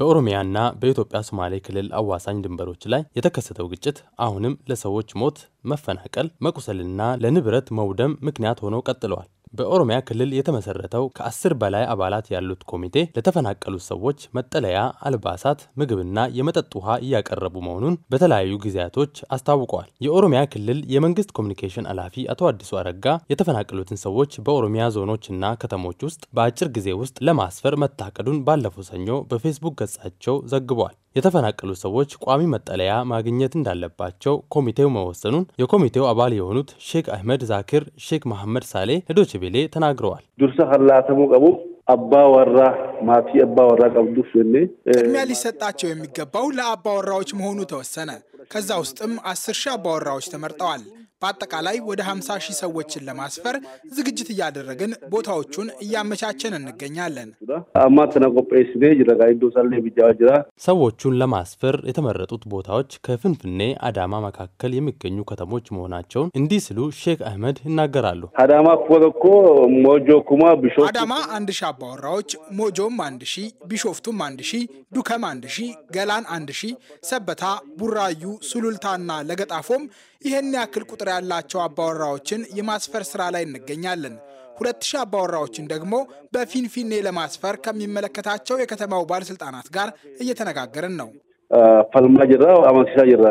በኦሮሚያና በኢትዮጵያ ሶማሌ ክልል አዋሳኝ ድንበሮች ላይ የተከሰተው ግጭት አሁንም ለሰዎች ሞት፣ መፈናቀል፣ መቁሰልና ለንብረት መውደም ምክንያት ሆኖ ቀጥለዋል። በኦሮሚያ ክልል የተመሰረተው ከአስር በላይ አባላት ያሉት ኮሚቴ ለተፈናቀሉት ሰዎች መጠለያ፣ አልባሳት፣ ምግብና የመጠጥ ውሃ እያቀረቡ መሆኑን በተለያዩ ጊዜያቶች አስታውቀዋል። የኦሮሚያ ክልል የመንግስት ኮሚኒኬሽን ኃላፊ አቶ አዲሱ አረጋ የተፈናቀሉትን ሰዎች በኦሮሚያ ዞኖችና ከተሞች ውስጥ በአጭር ጊዜ ውስጥ ለማስፈር መታቀዱን ባለፈው ሰኞ በፌስቡክ ገጻቸው ዘግቧል። የተፈናቀሉ ሰዎች ቋሚ መጠለያ ማግኘት እንዳለባቸው ኮሚቴው መወሰኑን የኮሚቴው አባል የሆኑት ሼክ አህመድ ዛኪር፣ ሼክ መሐመድ ሳሌ ለዶይቼ አቤሌ ተናግረዋል። ዱርሰ ሀላተሙ ቀቡ አባወራ ማቲ ወራ ቀብዱ ቅድሚያ ሊሰጣቸው የሚገባው ለአባ ወራዎች መሆኑ ተወሰነ። ከዛ ውስጥም አስር ሺህ ወራዎች ተመርጠዋል። በአጠቃላይ ወደ 50 ሺህ ሰዎችን ለማስፈር ዝግጅት እያደረግን ቦታዎቹን እያመቻቸን እንገኛለን። ሰዎቹን ለማስፈር የተመረጡት ቦታዎች ከፍንፍኔ አዳማ መካከል የሚገኙ ከተሞች መሆናቸውን እንዲህ ሲሉ ሼክ አህመድ ይናገራሉ። አዳማ አዳማ አንድ ሺ አባወራዎች፣ ሞጆም አንድ ሺ፣ ቢሾፍቱም አንድ ሺ፣ ዱከም አንድ ሺ፣ ገላን አንድ ሺ፣ ሰበታ፣ ቡራዩ፣ ሱሉልታና ለገጣፎም ይህን ያክል ቁጥር ያላቸው አባወራዎችን የማስፈር ስራ ላይ እንገኛለን። ሁለት ሺህ አባወራዎችን ደግሞ በፊንፊኔ ለማስፈር ከሚመለከታቸው የከተማው ባለስልጣናት ጋር እየተነጋገርን ነው። ፈልማ ጅራ አማሲሳ ጅራ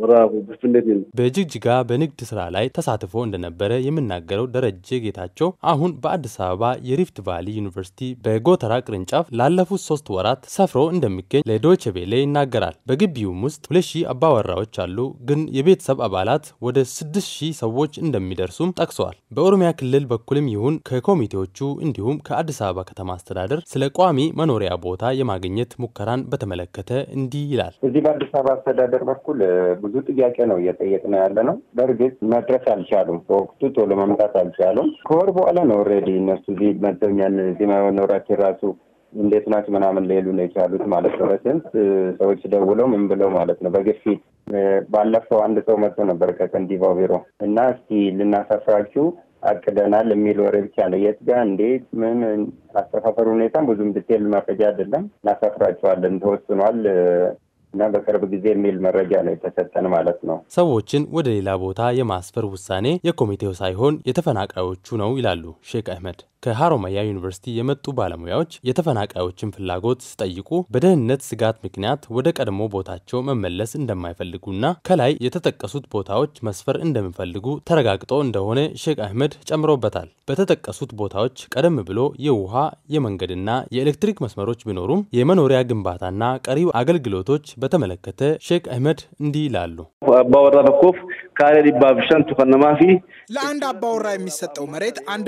ወራ ብፍንዴት በጅግጅጋ በንግድ ስራ ላይ ተሳትፎ እንደነበረ የምናገረው ደረጀ ጌታቸው አሁን በአዲስ አበባ የሪፍት ቫሊ ዩኒቨርሲቲ በጎተራ ቅርንጫፍ ላለፉት ሶስት ወራት ሰፍሮ እንደሚገኝ ለዶች ቬለ ይናገራል። በግቢውም ውስጥ ሁለት ሺህ አባወራዎች አሉ፣ ግን የቤተሰብ አባላት ወደ ስድስት ሺህ ሰዎች እንደሚደርሱም ጠቅሰዋል። በኦሮሚያ ክልል በኩልም ይሁን ከኮሚቴዎቹ እንዲሁም ከአዲስ አበባ ከተማ አስተዳደር ስለ ቋሚ መኖሪያ ቦታ የማግኘት ሙከራን በተመለከተ እንዲህ ይላል። ይላል። እዚህ በአዲስ አበባ አስተዳደር በኩል ብዙ ጥያቄ ነው እየጠየቅ ነው ያለ ነው። በእርግጥ መድረስ አልቻሉም። በወቅቱ ቶሎ መምጣት አልቻሉም። ከወር በኋላ ነው ኦልሬዲ እነሱ እዚህ መደብኛን እዚህ መኖራቸው ራሱ እንዴት ናችሁ ምናምን ሌሉ ነው የቻሉት ማለት ነው። በስንት ሰዎች ደውለው ምን ብለው ማለት ነው በግፊት ባለፈው አንድ ሰው መጥቶ ነበር ከከንቲባው ቢሮ እና እስቲ ልናሳፍራችሁ አቅደናል የሚል ወሬ ብቻ ነው። የት ጋር እንዴት ምን አስተፋፈሩ ሁኔታም ብዙም ዲቴል መረጃ አይደለም። እናሳፍራቸዋለን ተወስኗል እና በቅርብ ጊዜ የሚል መረጃ ነው የተሰጠን ማለት ነው። ሰዎችን ወደ ሌላ ቦታ የማስፈር ውሳኔ የኮሚቴው ሳይሆን የተፈናቃዮቹ ነው ይላሉ ሼክ አህመድ። ከሃሮማያ ዩኒቨርሲቲ የመጡ ባለሙያዎች የተፈናቃዮችን ፍላጎት ሲጠይቁ በደህንነት ስጋት ምክንያት ወደ ቀድሞ ቦታቸው መመለስ እንደማይፈልጉና ከላይ የተጠቀሱት ቦታዎች መስፈር እንደሚፈልጉ ተረጋግጦ እንደሆነ ሼክ አህመድ ጨምሮበታል። በተጠቀሱት ቦታዎች ቀደም ብሎ የውሃ የመንገድና የኤሌክትሪክ መስመሮች ቢኖሩም የመኖሪያ ግንባታና ቀሪው አገልግሎቶች በተመለከተ ሼክ አህመድ እንዲህ ይላሉ። አባወራ ለአንድ አባወራ የሚሰጠው መሬት አንድ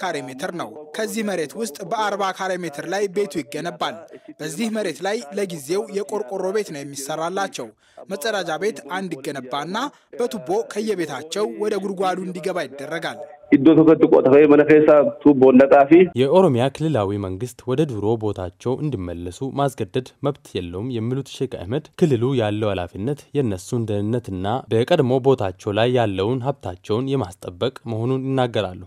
ካሬ ሜትር ነው። ከዚህ መሬት ውስጥ በ40 ካሬ ሜትር ላይ ቤቱ ይገነባል። በዚህ መሬት ላይ ለጊዜው የቆርቆሮ ቤት ነው የሚሰራላቸው። መጸዳጃ ቤት አንድ ይገነባና በቱቦ ከየቤታቸው ወደ ጉድጓዱ እንዲገባ ይደረጋል። የኦሮሚያ ክልላዊ መንግስት ወደ ድሮ ቦታቸው እንዲመለሱ ማስገደድ መብት የለውም የሚሉት ሼክ አህመድ ክልሉ ያለው ኃላፊነት የእነሱን ደህንነትና በቀድሞ ቦታቸው ላይ ያለውን ሀብታቸውን የማስጠበቅ መሆኑን ይናገራሉ።